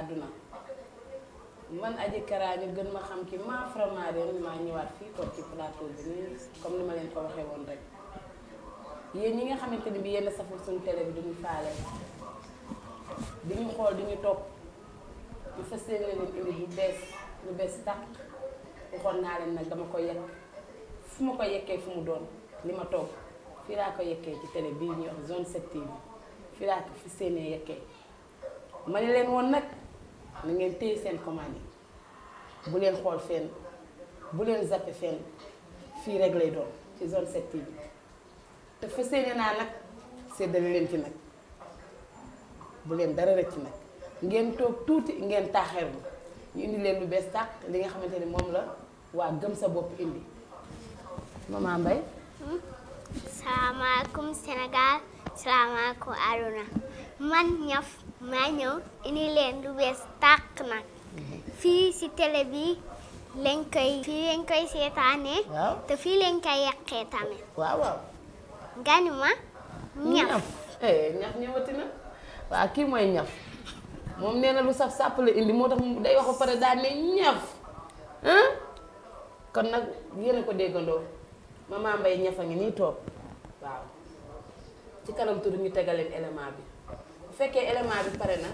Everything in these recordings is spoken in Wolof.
àdduna man Adji Kara gën ma xam ki ma vraiment ren maa ñëwaat fii toog ci plateau bi nii comme ni ma leen ko waxee woon rek yéen ñi nga xamante ni bi yenn saful suñu télé bi duñu faale di ñu xool di toog topp ñu fas yéene leen indi lu bees lu bees tàq waxoon naa leen nag dama ko yekk fu ma ko yekkee fu mu doon li ma toog fii laa ko yekkee ci télé bii ñuy wax zone 7 TV fii laa ko fas yéenee yekkee ma leen woon nag. na ngeen téye seen commande yi bu leen xool fenn bu leen zappe fenn fii rek lay doon ci zone 7 TV te fa séene naa nag séddale leen ci nag bu leen dara rek ci nag ngeen toog tuuti ngeen taaxeerlu ñu indi leen lu bees tàq li nga xamante ni moom la waa gëm sa bopp indi maman Mbaye salaamaaleykum Sénégal salaamaaleykum Arouna man ñaf maa ñëw indi leen Fi tak nak, nag si télé bi lañ koy fii lañ koy seetaanee te fii lañ Wow, wow. Gani ma? Nyaf. ganima ñaf ñaf eh, wati na Wa ki mooy e ñaf moom nee na lu saf sàpp le indi moo mu day wax pare da ne ñaf kon nak yene a ko déggandoo Mama mbay ñafa ngi nii toog waaw ci kanam ñu élément bi fekkee élément bi pare na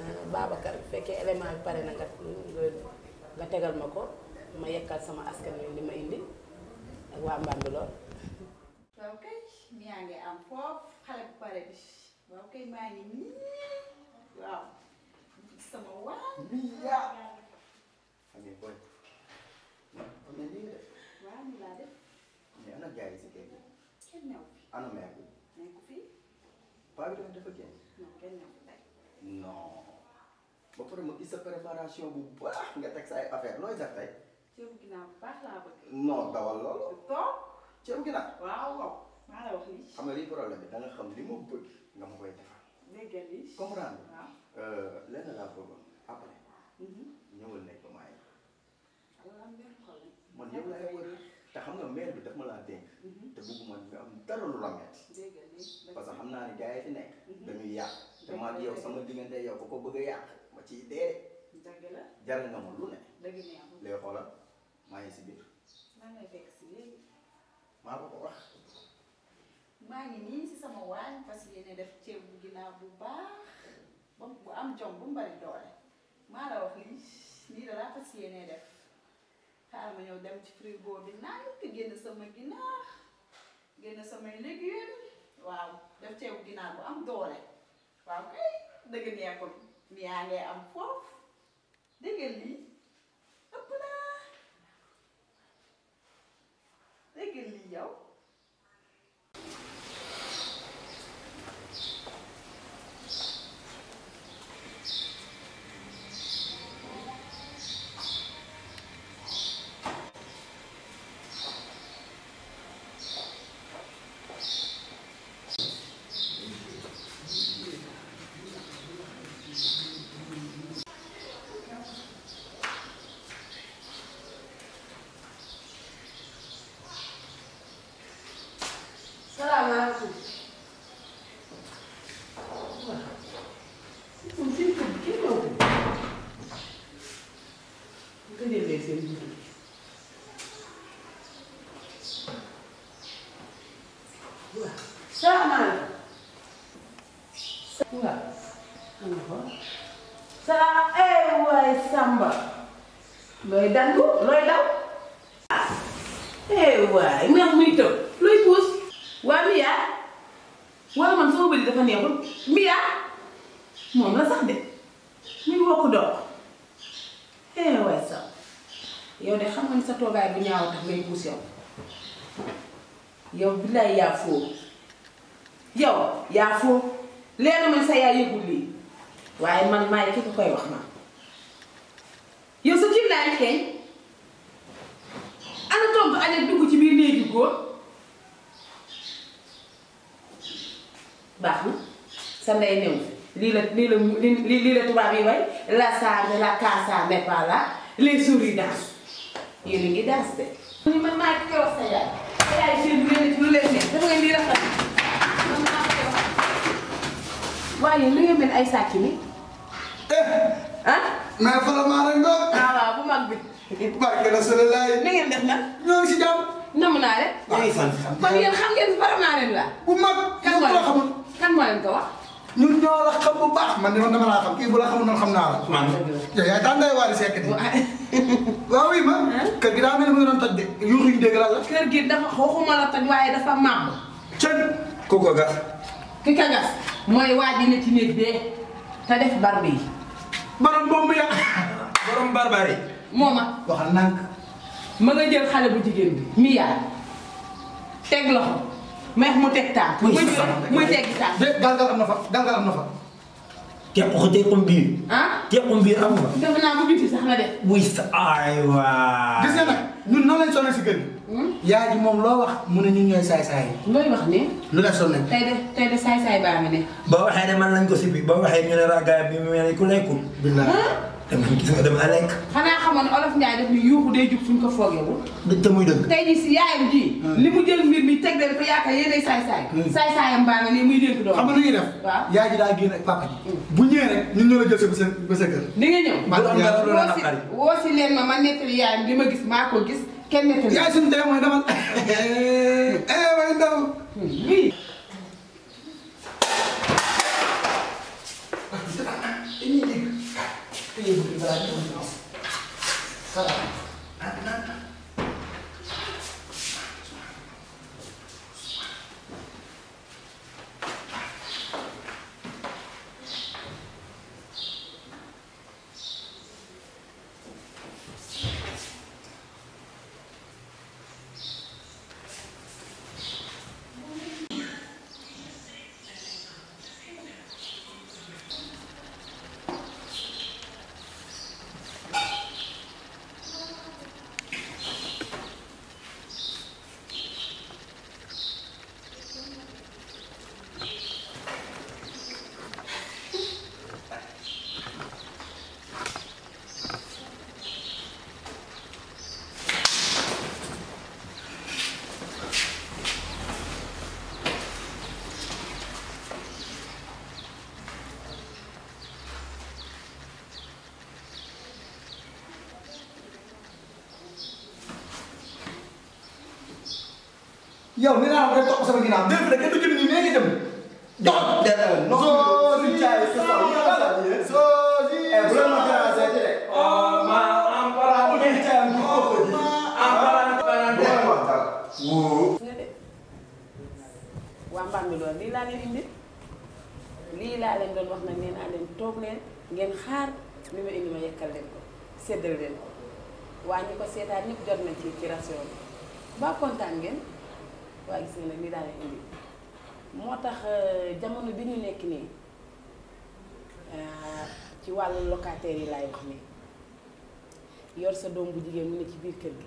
euh, Babacar bu fekkee élément bi pare na nga nga tegal ma ko ma yekkal sama askan wi li ma indi ak waa Mbambilor. waaw kay yaa ngi am foofu xale bu pare bi waaw kay maa ngi nii waaw sama waa. yaa ngi boy am na lii si kër gi. kenn new non ba pare ma gis bu baax nga teg sa ay affaire looy def tey. ceebu ginaar bu baax laa bëgg. non dawal ah. eh, ah, mhm. la wax lii. xam nga lii problème bi da nga xam li ma bëgg nga ma koy defar. dégg nga lii. comprendre nga. lenn laa bëggoon après. nekk ba maa ngi. man yow laay wër te xam nga maire bi daf ma laa dénk. te bëgguma nga am dara lu la metti. parce que xam naa ne gars yi fi nekk. dañuy te man yow sama diggante yow ko ko bëgg a yàq ma ciy de dëgg la jaral nga ma lu ne. dëgg la lay xoolal maa ngi si biir. maa ngi lay fekk si léegi. maa ngi sama waañ parce que yéen def ceeb bu ginnaaw bu baax bu am jom bu mu bari doole eh. maa la wax lii lii da laa fas def xaaral ma ñëw dem ci frigo bi naan te génn sama ginaar génn samay légumes eh. waaw def ceebu ginaar bu am doole. Eh. waaw kay dëgg neexul mi yaa ngay am foofu dëgg lii ëpp naa dëgg lii yow caaman nga saa ee eh, waay samba looy dangu looy daw ee eh, waay neex muy tëb looy puus waa miyaa walla man sama bëri dafa neexul miyaa moom la sax de muy wokk dox ee eh, waay samba yow de xam nga sa toogaay bu ñaaw tax ngay puus yow yow billaay yaa foofu yow yaa foo leena man sa yaay yëgul lii waaye man maay ki koy wax ma yow sa cim laay xeeñ ana togg aña dugg ci biir néegi góor baax na sa ndey new lii la lii la lii la tubaab yi way la saa ne la casa n'est pas là les souris dansent yéen a ngi danse man maa ngi koy wax sa yaay seen lu leen lu leen ne dafa ngeen di rafetlu. waaye li nga mel ay sàcc ni eh. ah. mais vraiment rek donc. waaw ah, waaw bu mag bi. barke Rasulullah. ni ngeen def nag. ñoo ngi si jàmm. namm naa leen. waaw sant kon yéen xam ngeen vraiment leen la. bu mag. kan moo leen xamul kan moo leen ko wax. ñun ñoo la xam bu baax man de man dama laa xam kii bu la xamul noonu xam naa la. man yow yaa daan day waari sekk nii. waaw oui ma. kër gi daa mel ni mu ngi doon toj de. yuuxu ñu dégg la la. kër gi dafa waxuma la toj waaye dafa maam. cën. ku ko gas. ki ka gas. mooy waaj yi ne ci néeg bee te def barbe yi. borom bomb ya borom barbar yi. moo ma waxal nànk. ma nga jël xale bu jigéen bi. mi yaay teg loxo meex mu teg taat. muy teg taat muy galgal am na fa galgal am na fa. tequ tequm biir. ah tequm biir am nga. defe naa bu biti sax la de. wuy sa aywa. gis nga nag ñun nan lañ sonné si kër gi. Hmm? yaay moom loo wax mu ne ñun saay-saay yi. looy wax ne. lu la sonné. tey de tey de saay-saay baa ngi ne. boo waxee ne man lañ ko si bi boo waxee ñu ne raagaay bi mu mel ni ku lekkul. bilaay. dama gis nga dama lekk. xanaa xamoon olof Ndiaye def ni yuuxu day jub fuñ ko foogewul. te muy dëgg. tey jii si yaayam ji. Ah. li mu jël mbir mi teg leen ko yaakaar yéenay saay-saay. Ah. saay-saayam baa nga ne muy dénk doom. xam nu ñuy def. yaay ji daa génn papa mm. bu ñëwee rek ñun ñoo la jël sa seen ba sa kër. di nga woo si leen ma ma nettali yaayam li ma gis maa ko gis kenn nettali. yaay suñu tey mooy demal. eh eh way ndaw. Hmm, yow nee naa la nga topp sama ginnaaw deux fois du jëm nii nee nga jëm. donc déedéet non. soo si caay sa saw yi la rek. oh ma en parlant. bu ko ko ji. bu ma dara. wóo. waa mbaam mi loolu lii laa leen indi lii laa leen doon wax nag nee naa leen toog leen ngeen xaar li ma indi ma yekkal ko ñi ko jot na ci ci ration ba ngeen. waa gis nga nag li daal indi moo tax euh, jamono bi ñu nekk nii euh, ci wàll locataire yi laay wax ni yor sa doom bu jigéen mu ne ci biir kër gi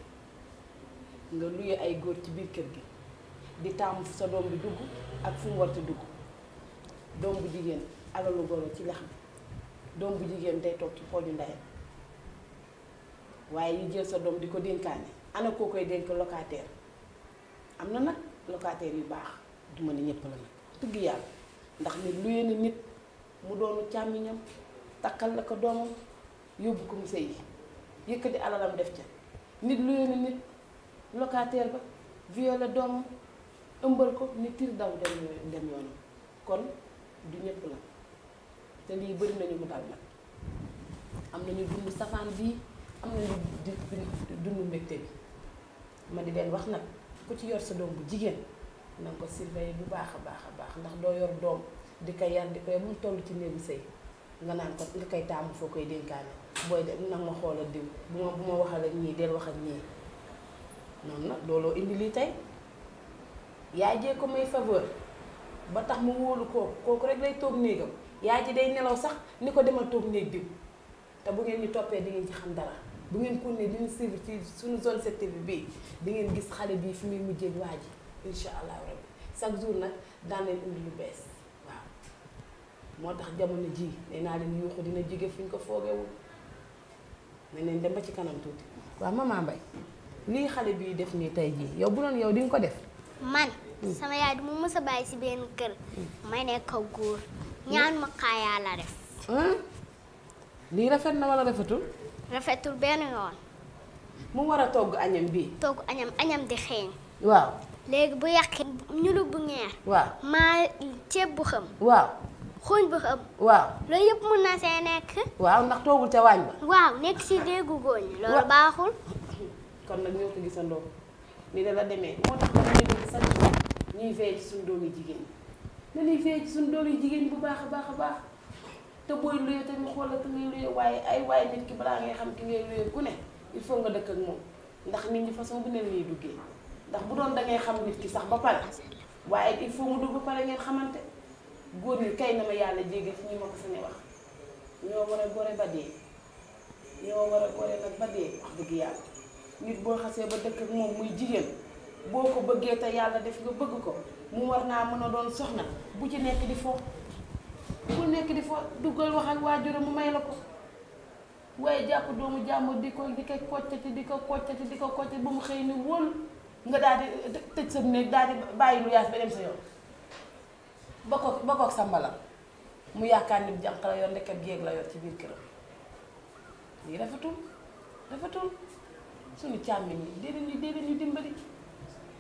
nga luye ay góor ci biir kër gi di taamu sa doom bi dugg ak fu mu warta dugg doom bu jigéen alalu goro ci lex bi doom bu jigéen day toog ci pooju ndeyam waaye yu jël sa doom di ko dénkaane ana koo koy dénk locataire am na nag locataire yu bax duma ni ñepp la nag dëgg ndax nit lu yene nit mu doonu chamiñam takal la ko doom yobbu ko mu sey yëkkati alalam def ca nit lu yene nit locataire ba viola doom ëmbal ko ni tir daw dem dem yoon kon du ñepp la te li bëri nañu mu dal nak am nañu dund safane bi am nañu dund mbégte bi ma di leen wax nak ku ci yor sa doom bu jigéen na nga ko surveiller bu baax a baax a baax ndax doo yor doom di ko yar di ko yar mu toll ci néegu sëy nga naan ko nga koy taamu foo koy dénkaane booy de nag ma xoolal diw bu ma bu ma waxal ak nii del wax ak ñii noonu nag looloo indi lii tey yaay jee ko may faveur ba tax mu wóolu kooku kooku rek lay toog néegam yaay ji day nelaw sax ni ko demal toog néeg diw te bu ngeen ñu toppee di ngeen ci xam dara bu ngeen ko ne di ñu suñu zone 7TV bii di ngeen gis xale bii fi muy mujjee waa ji incha allah rabbi chaque jour nag daan leen bees waaw. moo tax jamono ji ne naa leen yuuxu dina jóge fu ñu ko foogewul ne neen dem ba ci kanam tuuti waaw maman Mbaye lii xale bii def nii tey jii yow bu doon yow di ko def. man. Hmm. sama yaay du mu mës a bàyyi si benn kër. Hmm. may nekk góor ñaan ma xaayaa la def. lii rafet na wala rafetul. rafetul benn yoon. mu war a togg añam bi togg añam añam di xeeñ. waaw léegi bu yàqee ñulu bu ñeer. waaw maa ceeb bu xam. waaw xooñ bu xam. waaw loolu yëpp mën na see nekk. waaw ndax toogul ca waañ ba. waaw nekk si déggu góoñ. loolu baaxul. kon nag ñoo ko gisandoo ni da la demee moo tax ñu ne sant ñuy feye doom yi jigéen ñi dañuy feye ci suñu doom yi jigéen bu baax a baax a baax. te booy luye te ñu xoolal ki ngay luye waaye ay waaye nit ki balaa ngay xam ki ngay luye ku ne il faut nga dëkk ak moom ndax nit ñi façon bu ne lay duggee ndax bu doon da ngay xam nit ki sax ba pare waaye il faut mu dugg ba pare nga xamante góor ñi kay na ma yàlla jéggi fi ñu ma ko fa wax ñoo war a gore ba dee ñoo war a gore nag ba dee wax dëgg yàlla nit boo xasee ba dëkk ak moom muy jigéen boo ko bëggee te yàlla def nga bëgg ko mu war naa mën a doon soxna bu ci nekk di ku nekk di foo duggal wax waa waajuram mu may la ko waaye jàpp doomu jàmm di ko di ko koccati di ko koccati di ko koccati ba mu xëy ni wóol nga daal di tëj sa néeg daal di bàyyi lu yaas ba dem sa yoon ba ko ba sa mbalam mu yaakaar ni jànq la yor ndeket géeg la yor ci biir këram lii rafetul rafetul suñu càmmiñ yi déedéet ñu déedéet ñu dimbali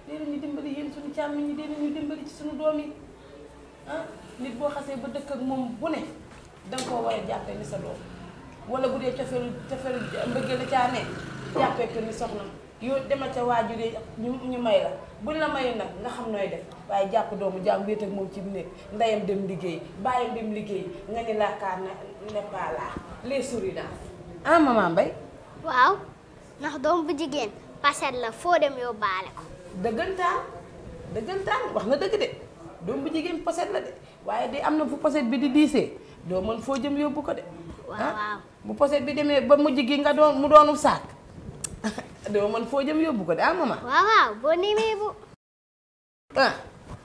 déedéet ñu dimbali yéen suñu càmmiñ yi déedéet ñu dimbali ci suñu doom yi ah nit boo xasee ba dëkk ak moom bu ne danga koo war a jàppee ni sa doom wala bu dee cofeelu cofeelu mbëggeel la caa nekk jàppee ko ni soxna yow demal ca waajur yi ñu ñu may la buñ la mayu nag nga xam nooy def waaye jàpp doomu jaam wéet ak moom ci néeg ndeyam dem liggéey bàyyam dem liggéey nga ni laakaar na ne pas là les souridances ah maman waaw ndax doom bu jigéen paset la foo dem yow ko dëggantaan dëggantaan wax na dëgg de doom bu jigéen poset la de waaye di am na fu poset bi di diisee doo mën foo jëm yóbbu ko de. waaw ah, bu poset bi demee ba mujj gi nga doon mu doonu saak doo mën foo jëm yóbbu ko de ah maman. waaw waaw boo ko mën ah.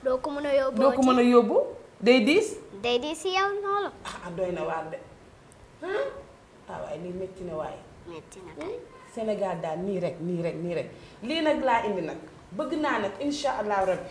doo ko mën a yóbbu day diis. day diis si yow loolu. ah doy na waar de ah waaye lii métti na waaye. métti hmm? daal nii rek nii rek nii rek lii nag laa indi nag bëgg naa nag incha allahu rabbi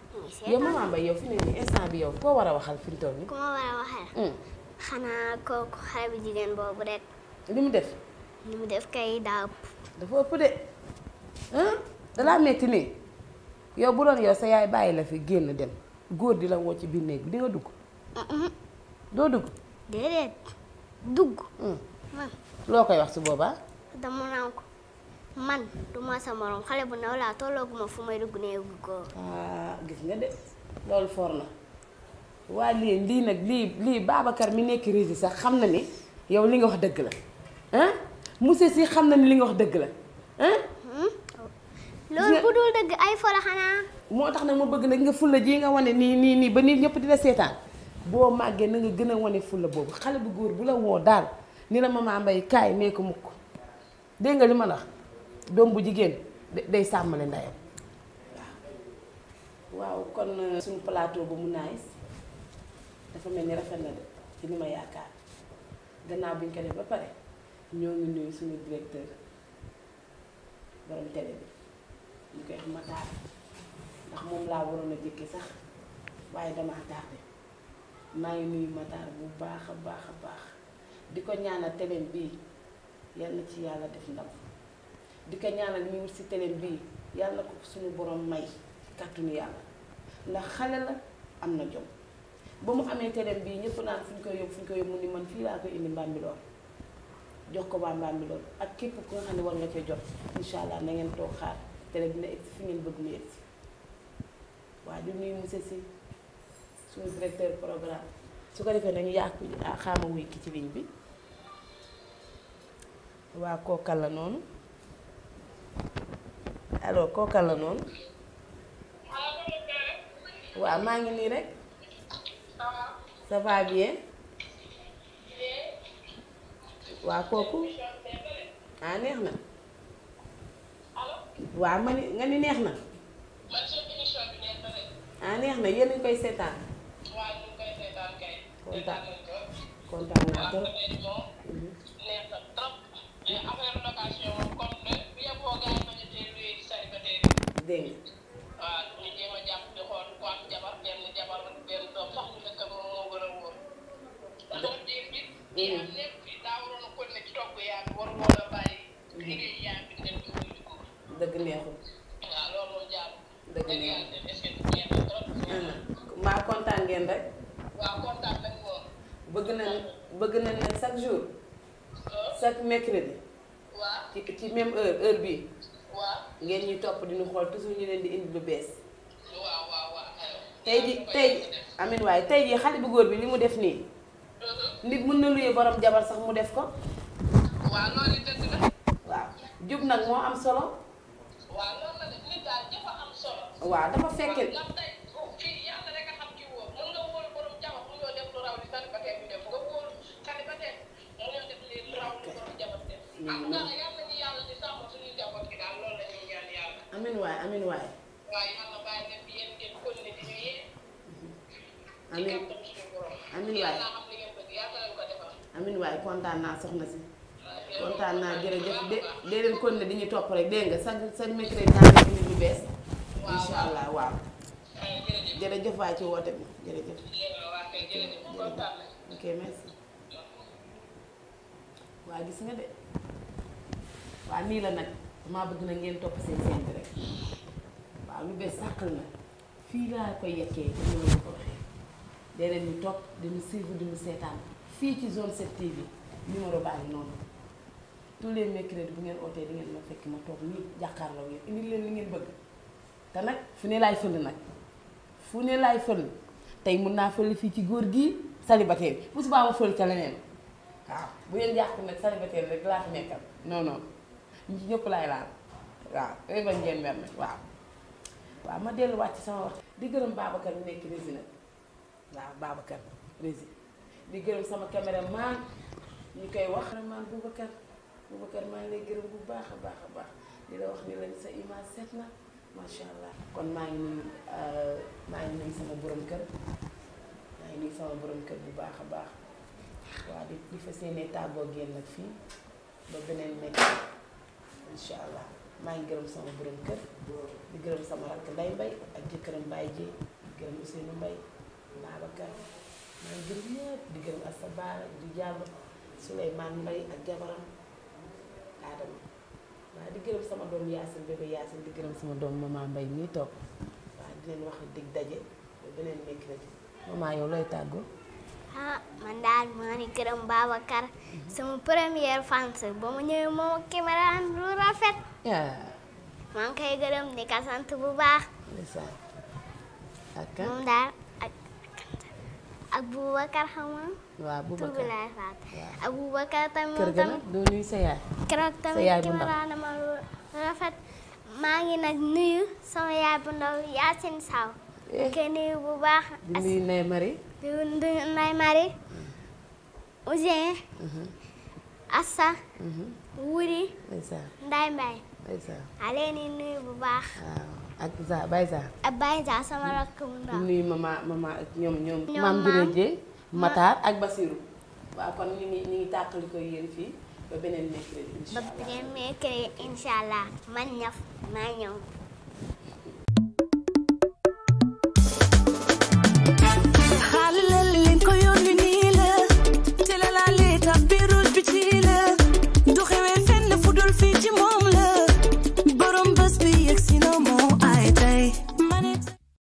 yow maman Mbaye yow fi ne nii instant bi yow koo war a waxal fi mu toll nii. koo war a waxal. Mm. xanaa kooku xale bu jigéen boobu rek. li mu def. li mu def kay daa ëpp. dafa ëpp de dalaa metti nii yow bu doon yow sa yaay bàyyi la fi génn dem góor di la woo ci biir néeg bi di dugg. doo dugg. déedéet dugg. Mm. loo koy wax su boobaa. dama naan ko. man du ma sa morom xale bu ndaw laa tollooguma fu may dugg néegu góor. ah gis nga de loolu for na waa lii lii nag lii lii Babacar mi nekk régi sax xam na ni yow li nga wax dëgg la ah si xam na ni wax dëgg la ah. loolu bu dul dëgg ay fo la xanaa. moo tax nag ma bëgg nag nga fulla jii nga wane nii nii nii ba nit ñëpp dina seetaan boo màggee na nga gën a wane fulla boobu xale bu góor bu la woo daal ni la maman Mbaye kaay nee ko mukk dégg nga li ma la doom bu jigéen day sàmmale ndeyam waaw kon euh, suñu plateau ba mu nice dafa mel ni rafet na de ci li ma yaakaar gannaaw bi ñu ko def ba pare ñoo ngi nuyu suñu directeur borom bi ndax moom laa waroon a jëkki sax waaye damaa tardé maa ngi nuyu Matar bu baax a baax a baax di ko ñaanal télé bii yal na ci yàlla def ndam di ko ñaanal mi wut si télé bii yàlla ko suñu borom may kàttanu yàlla ndax xale la am na jom ba mu amee télé bii ñëpp naan fu ñu koy yóbbu fu ñu koy yóbbu mu ni man fii laa koy indi Bambilor jox ko waa Bambilor ak képp ku nga xam ne war nga cee jot incha allah na ngeen toog xaar télé dina egg fi ngeen bëgg mu egg waa du nuyu monsieur si suñu directeur programme su ko defee nañu yàqu ah, xaama wuy ki ci ligne bi waa kookal la noonu. alo kooka la noonu. waaw maa ngi nii rek. ça va bien. waaw kooku. ah neex na. waaw ma ni nga ni neex na. ah neex na yéen koy seetaan. kontaan kontaan naa trop. dégg nga. waaw mm-hmm. mm-hmm. mm-hmm. bi. dëgg neexul. waaw loolu ngeen rek. bëgg nañ bëgg nañ jour. chaque mercredi. ci ci heure heure bii. ngeen ñuy topp di ñu xool toujours ñu leen di indi lu bees. waaw tey ji tey amin waaye tey ji xale bu góor bi li mu def nii. Mm-hmm. nit mën na luye borom jabar sax mu def ko. waaw loolu jub nag moo am solo. waaw loolu la nit daal dafa am solo. waaw dafa fekkee. Oh, am nga amin waay amin waay. Mhm. amin amin kontaan naa soxna si. kontaan naa jërëjëf de dee leen kon ne di ñu topp rek dégg nga chaque chaque mercredi naa leen indi lu bees. incha allah waaw. Eh, jërëjëf waay ci woote bi jërëjëf. ok merci. waa gis nga de waa nii la nag. maa bëgg na ngeen topp seen seen bi rek waaw lu bees sàqal na fii laa koy yekkee ñu mën ko waxee léeg-léeg ñu topp dañu suivre dañu seetaan fii ci zone 7 TV numéro baa ngi noonu tous les mercredis bu ngeen ootee di ngeen ma fekk ma toog nii jàkkaarloo ngeen indi leen li ngeen bëgg te nag fu ne laay fël nag fu ne laay fël tey mun naa fël fii ci góor gi célibataire bi bu subaa ma fël ca leneen waaw bu ngeen jàpp nag célibataire rek laa fi nekkal non ñëpp laay laal waaw yooyu ngeen mer nag waaw waaw ma delluwaat ci sama wax di gërëm Babacar ñu nekk rési nag waaw Babacar rési di gërëm sama caméraman ñu koy wax caméraman Boubacar Boubacar maa ngi lay gërëm bu baax a baax a baax di la wax ni lañ sa image seet na macha allah kon maa ngi nuyu euh, maa ngi nuyu sama borom kër maa ngi nuyu sama borom kër bu baax a baax waaw di di fa seenee tàggoo génn nag fii ba beneen nekk incha allah maa ngi gërëm sama borom kër di gërëm sama rakk nday mbay ak jëkkëram mbay ji di gërëm Ousseynou Mbay Babacar maa ngi gërëm ñëpp di gërëm Assa Baara di jàll Souleymane Mbay ak jabaram Adama waaw di gërëm sama doom Yacine bébé Yacine di gërëm sama doom maman Mbay mi toog waaw di leen wax dig daje ba beneen mercredi maman yow looy tàggoo ah man daal maa ngi gërëm Babacar sama première fans ba mu ñëwee moom ak caméra lu rafet Ya. ngi koy gërëm di ko sant bu baax moom daal ak ak Boubacar xam nga waaw Boubacar tur bi faat ak Boubacar tamit moom tamit doo sa yaay ma lu rafet maa ngi nuyu sama yaay bu ndaw Yacine Sow koy nuyu bu baax di nuyu Ndeye du may mari Ouzin Assa Wuri Nday Mbay alee ni nuyu bu baax ak ah, za Baye Za ak Baye Za sama rakk mu ndaw nuyu mama mama ak ñoom ñoom maam Matar ak Basiru waaw kon ñu ngi ñu ngi tàqali ko yéen fii ba beneen mercredi incha allah ba beneen mercredi incha allah man ñaf maa ñëw